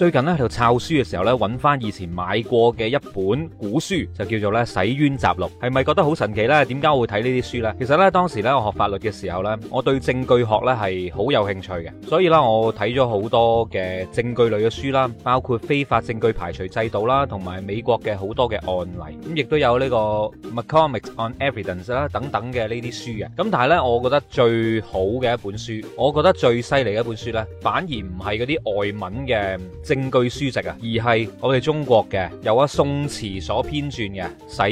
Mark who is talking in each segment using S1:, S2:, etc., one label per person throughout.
S1: 最近咧喺度抄書嘅時候咧，揾翻以前買過嘅一本古書，就叫做咧《洗冤集錄》，係咪覺得好神奇咧？點解我會睇呢啲書咧？其實咧當時咧我學法律嘅時候咧，我對證據學咧係好有興趣嘅，所以咧我睇咗好多嘅證據類嘅書啦，包括非法證據排除制度啦，同埋美國嘅好多嘅案例，咁亦都有呢個《McCormick on Evidence》啦等等嘅呢啲書嘅。咁但係咧，我覺得最好嘅一本書，我覺得最犀利嘅一本書咧，反而唔係嗰啲外文嘅。證據書籍啊，而係我哋中國嘅由阿宋慈所編撰嘅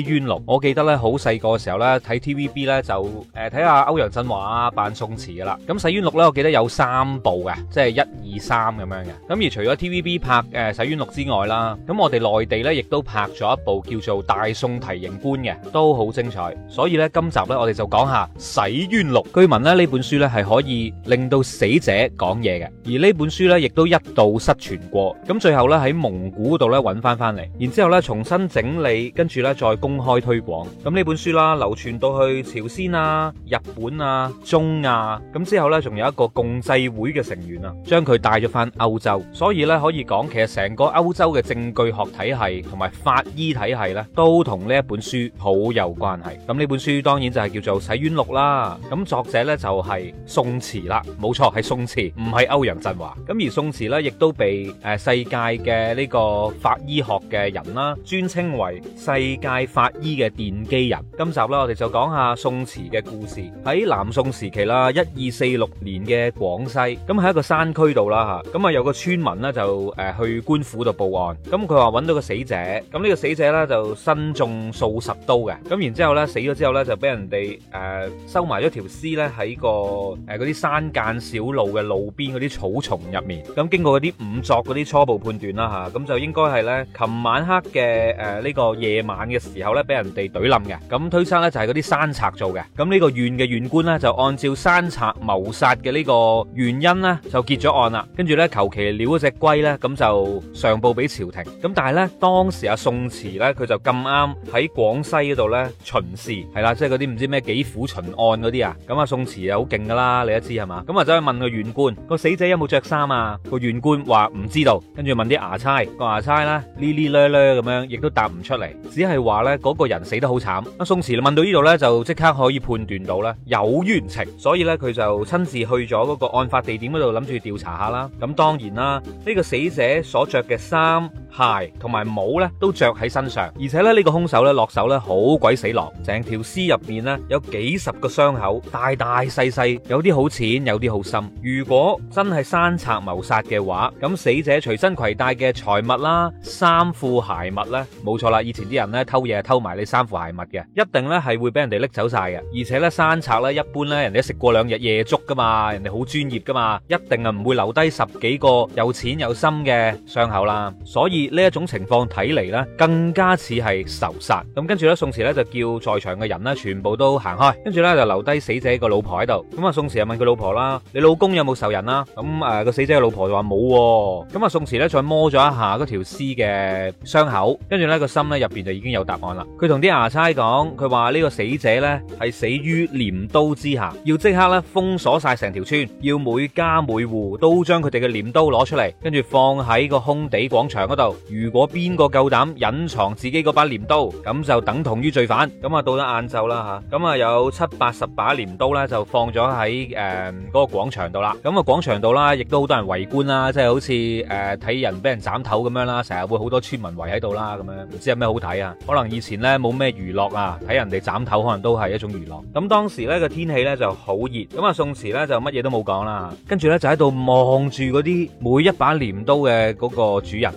S1: 《洗冤錄》。我記得呢，好細個嘅時候呢，睇 T V B 呢，就誒睇下歐陽震華扮宋慈噶啦。咁《洗冤錄》呢，我記得有三部嘅，即係一二三咁樣嘅。咁而除咗 T V B 拍誒《洗冤錄》之外啦，咁我哋內地呢，亦都拍咗一部叫做《大宋提刑官》嘅，都好精彩。所以呢，今集呢，我哋就講下《洗冤錄》。據聞呢，呢本書呢，係可以令到死者講嘢嘅，而呢本書呢，亦都一度失傳過。咁最後咧喺蒙古度咧，揾翻翻嚟，然之後咧，重新整理，跟住咧，再公開推廣。咁呢本書啦，流傳到去朝鮮啊、日本啊、中亞，咁之後咧仲有一個共濟會嘅成員啊，將佢帶咗翻歐洲。所以咧可以講，其實成個歐洲嘅證據學體系同埋法醫體系咧，都同呢一本書好有關係。咁呢本書當然就係叫做《洗冤錄》啦。咁作者咧就係宋慈啦，冇錯，係宋慈，唔係歐陽震華。咁而宋慈咧亦都被。誒世界嘅呢個法醫學嘅人啦，尊稱為世界法醫嘅奠基人。今集啦，我哋就講下宋慈嘅故事。喺南宋時期啦，一二四六年嘅廣西，咁、嗯、喺一個山區度啦嚇，咁、嗯、啊有個村民呢，就誒、嗯、去官府度報案，咁佢話揾到個死者，咁、嗯、呢、這個死者呢，就身中數十刀嘅，咁、嗯、然之後呢，死咗之後呢，就俾人哋誒收埋咗條屍呢。喺、呃、個誒嗰啲山間小路嘅路邊嗰啲草叢入面，咁、嗯、經過嗰啲仵作，啲初步判斷啦吓，咁、啊、就應該係咧，琴晚黑嘅誒呢個夜晚嘅時候咧，俾人哋懟冧嘅，咁推測咧就係嗰啲山賊做嘅，咁呢個縣嘅縣官咧就按照山賊謀殺嘅呢個原因咧就結咗案啦，跟住咧求其撩嗰隻龜咧，咁就上報俾朝廷，咁但係咧當時阿、啊、宋慈咧佢就咁啱喺廣西嗰度咧巡視，係啦，即係嗰啲唔知咩幾府巡案嗰啲啊，咁阿宋慈又好勁㗎啦，你都知係嘛，咁啊走去問個縣官個死者有冇着衫啊，個縣官話唔知。度跟住問啲牙差個牙差啦，哩哩咧咧咁樣，亦都答唔出嚟，只係話呢嗰、嗰個人死得好慘。啊宋慈問到呢度呢，就即刻可以判斷到呢有冤情，所以呢，佢就親自去咗嗰個案發地點嗰度諗住調查下啦。咁當然啦，呢、呢個死者所着嘅衫、鞋同埋帽咧都着喺身上，而且咧呢、這個凶手咧落手咧好鬼死狼，成條屍入面咧有幾十個傷口，大大細細，有啲好淺，有啲好深。如果真係山賊謀殺嘅話，咁死者隨身攜帶嘅財物啦、衫褲鞋襪咧，冇錯啦，以前啲人咧偷嘢偷埋你衫褲鞋襪嘅，一定咧係會俾人哋拎走晒嘅。而且咧山賊咧一般咧人哋食過兩日夜粥噶嘛，人哋好專業噶嘛，一定係唔會留低十幾個有淺有深嘅傷口啦，所以。呢一種情況睇嚟，咧，更加似係仇殺。咁跟住咧，宋慈咧就叫在場嘅人咧，全部都行開，跟住咧就留低死者個老婆喺度。咁啊，宋慈又問佢老婆啦：，你老公有冇仇人啊？」咁、呃、啊，個死者嘅老婆就話冇。咁啊，宋慈咧再摸咗一下嗰條屍嘅傷口，跟住咧個心咧入邊就已經有答案啦。佢同啲衙差講：，佢話呢個死者咧係死於鐮刀之下，要即刻咧封鎖晒成條村，要每家每戶都將佢哋嘅鐮刀攞出嚟，跟住放喺個空地廣場嗰度。如果邊個夠膽隱藏自己嗰把鐮刀，咁就等同於罪犯。咁啊，到咗晏晝啦吓，咁啊有七八十把鐮刀咧、嗯那個那個，就放咗喺誒嗰個廣場度啦。咁、呃、啊，廣場度啦，亦都好多人圍觀啦，即係好似誒睇人俾人斬頭咁樣啦。成日會好多村民圍喺度啦，咁樣唔知有咩好睇啊？可能以前呢冇咩娛樂啊，睇人哋斬頭可能都係一種娛樂。咁當時呢個天氣呢就好熱，咁啊宋慈呢，就乜嘢都冇講啦，跟住呢，就喺度望住嗰啲每一把鐮刀嘅嗰個主人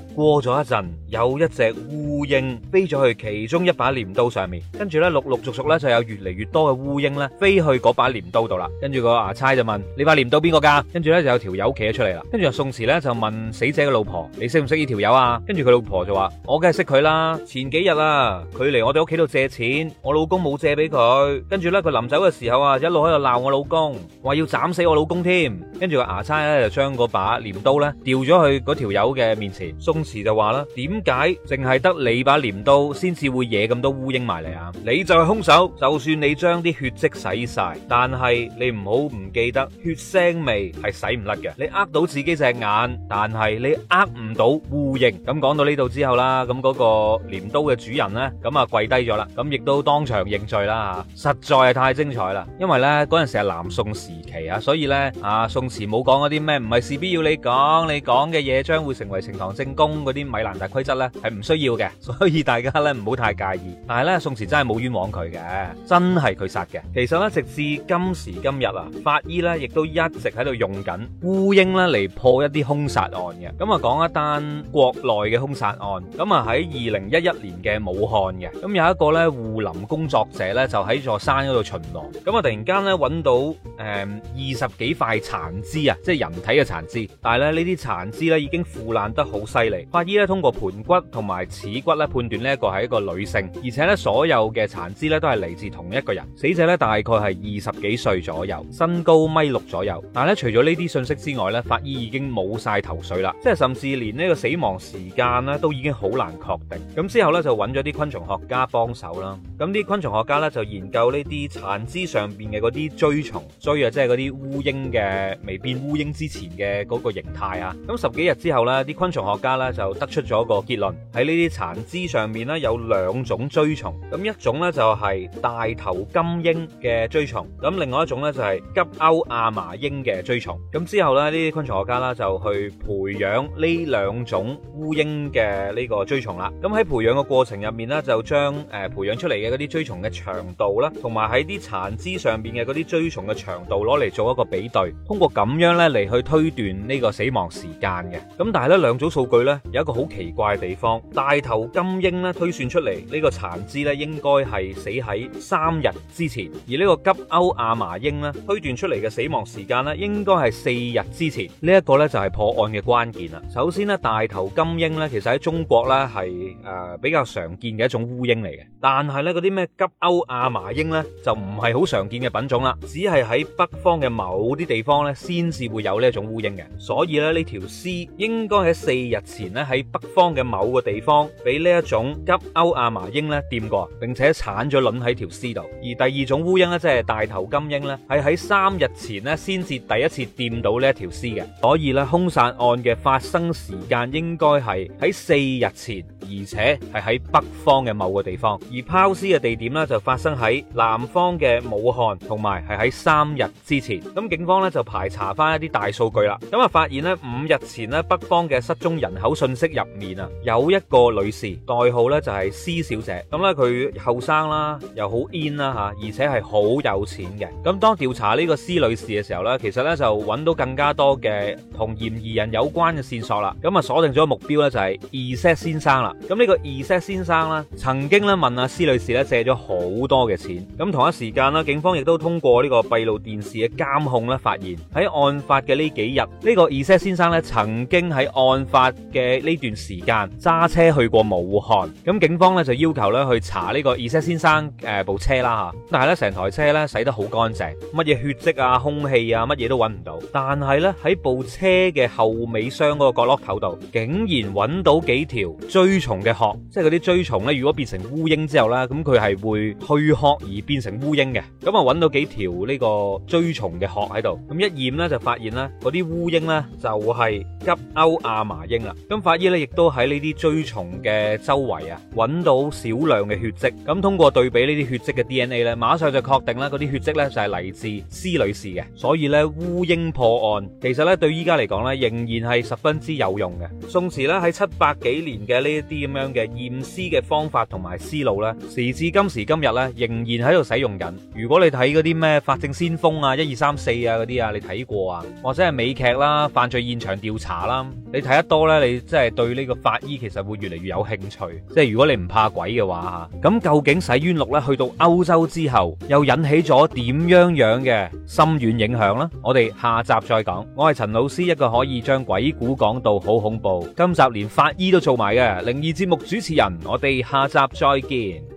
S1: 咗一陣，有一隻烏蠅飛咗去其中一把鐮刀上面，跟住咧陸陸續續咧就有越嚟越多嘅烏蠅咧飛去嗰把鐮刀度啦。跟住個衙差就問：你把鐮刀邊個㗎？跟住咧就有條友企咗出嚟啦。跟住阿宋慈咧就問死者嘅老婆：你識唔識呢條友啊？跟住佢老婆就話：我梗係識佢啦。前幾日啊，佢嚟我哋屋企度借錢，我老公冇借俾佢。跟住咧佢臨走嘅時候啊，一路喺度鬧我老公，話要斬死我老公添。跟住個衙差咧就將嗰把鐮刀咧掉咗去嗰條友嘅面前，宋慈就話啦，點解淨係得你把鐮刀先至會惹咁多烏蠅埋嚟啊？你就係凶手，就算你將啲血跡洗晒，但係你唔好唔記得血腥味係洗唔甩嘅。你呃到自己隻眼，但係你呃唔到烏蠅。咁講到呢度之後啦，咁嗰個鐮刀嘅主人呢，咁啊跪低咗啦，咁亦都當場認罪啦吓，實在係太精彩啦。因為呢嗰陣時係南宋時期啊，所以呢啊宋慈冇講嗰啲咩，唔係事必要你講，你講嘅嘢將會成為呈堂證供嗰啲。米蘭達規則咧，係唔需要嘅，所以大家咧唔好太介意。但係咧宋慈真係冇冤枉佢嘅，真係佢殺嘅。其實咧直至今時今日啊，法醫咧亦都一直喺度用緊烏蠅咧嚟破一啲兇殺案嘅。咁啊講一單國內嘅兇殺案，咁啊喺二零一一年嘅武漢嘅，咁有一個咧護林工作者咧就喺座山嗰度巡邏，咁啊突然間咧揾到。誒、嗯，二十幾塊殘肢啊，即係人體嘅殘肢，但係咧呢啲殘肢咧已經腐爛得好犀利。法醫咧通過盤骨同埋恥骨咧判斷呢一個係一個女性，而且咧所有嘅殘肢咧都係嚟自同一個人。死者咧大概係二十幾歲左右，身高米六左右。但係咧除咗呢啲信息之外咧，法醫已經冇晒頭緒啦，即係甚至連呢個死亡時間咧都已經好難確定。咁之後咧就揾咗啲昆蟲學家幫手啦。咁啲昆蟲學家咧就研究呢啲殘肢上邊嘅嗰啲追蟲。即係嗰啲烏蠅嘅未變烏蠅之前嘅嗰個形態啊！咁十幾日之後呢，啲昆蟲學家呢就得出咗個結論，喺呢啲殘肢上面呢，有兩種追蟲，咁一種呢就係、是、大頭金蠅嘅追蟲，咁另外一種呢，就係、是、急歐亞麻蠅嘅追蟲。咁之後呢，呢啲昆蟲學家呢就去培養呢兩種烏蠅嘅呢個追蟲啦。咁喺培養嘅過程入面呢，就將誒、呃、培養出嚟嘅嗰啲追蟲嘅長度啦，同埋喺啲殘肢上面嘅嗰啲追蟲嘅長。度攞嚟做一個比對，通過咁樣咧嚟去推斷呢個死亡時間嘅。咁但係咧兩組數據咧有一個好奇怪嘅地方，大頭金蠅咧推算出嚟呢個殘肢咧應該係死喺三日之前，而呢個急歐亞麻蠅咧推斷出嚟嘅死亡時間咧應該係四日之前。呢一個咧就係破案嘅關鍵啦。首先咧大頭金蠅咧其實喺中國咧係誒比較常見嘅一種烏蠅嚟嘅，但係咧嗰啲咩急歐亞麻蠅咧就唔係好常見嘅品種啦，只係喺北方嘅某啲地方咧，先至會有呢一種烏蠅嘅，所以咧呢條屍，應該喺四日前咧喺北方嘅某個地方俾呢一種急歐亞麻蠅咧掂過，並且產咗卵喺條屍度。而第二種烏蠅咧，即係大頭金蠅咧，係喺三日前咧先至第一次掂到呢一條屍嘅，所以咧凶殺案嘅發生時間應該係喺四日前。而且係喺北方嘅某個地方，而拋屍嘅地點呢，就發生喺南方嘅武漢，同埋係喺三日之前。咁警方呢，就排查翻一啲大數據啦，咁啊發現呢，五日前呢，北方嘅失蹤人口信息入面啊，有一個女士代號呢，就係施小姐。咁呢，佢後生啦，又好 in 啦嚇，而且係好有錢嘅。咁當調查呢個施女士嘅時候呢，其實呢，就揾到更加多嘅同嫌疑人有關嘅線索啦。咁啊鎖定咗目標呢，就係二 set 先生啦。咁呢個二 s 先生啦，曾經咧，問阿施女士咧借咗好多嘅錢。咁同一時間啦，警方亦都通過呢個閉路電視嘅監控咧，發現喺案發嘅呢幾日，呢、這個二 s 先生咧曾經喺案發嘅呢段時間揸車去過武漢。咁警方咧就要求咧去查呢個二 s 先生誒、呃、部車啦吓，但係咧成台車咧洗得好乾淨，乜嘢血跡啊、空氣啊、乜嘢都揾唔到。但係咧喺部車嘅後尾箱嗰個角落口度，竟然揾到幾條最蟲嘅殼，即係嗰啲追蟲咧。如果變成烏蠅之後咧，咁佢係會蛻殼而變成烏蠅嘅。咁啊，揾到幾條呢個追蟲嘅殼喺度，咁一驗咧就發現咧嗰啲烏蠅咧就係吉歐亞麻蠅啦。咁法醫咧亦都喺呢啲追蟲嘅周圍啊揾到少量嘅血跡。咁通過對比呢啲血跡嘅 DNA 咧，馬上就確定啦。嗰啲血跡咧就係嚟自施女士嘅。所以咧烏蠅破案，其實咧對依家嚟講咧仍然係十分之有用嘅。宋時咧喺七百幾年嘅呢一啲咁樣嘅驗屍嘅方法同埋思路呢，時至今時今日呢，仍然喺度使用緊。如果你睇嗰啲咩法證先鋒啊、一二三四啊嗰啲啊，你睇過啊，或者係美劇啦、犯罪現場調查啦，你睇得多呢，你真係對呢個法醫其實會越嚟越有興趣。即係如果你唔怕鬼嘅話，咁究竟洗冤錄呢去到歐洲之後，又引起咗點樣樣嘅深遠影響呢？我哋下集再講。我係陳老師，一個可以將鬼故講到好恐怖，今集連法醫都做埋嘅，令，二節目主持人，我哋下集再見。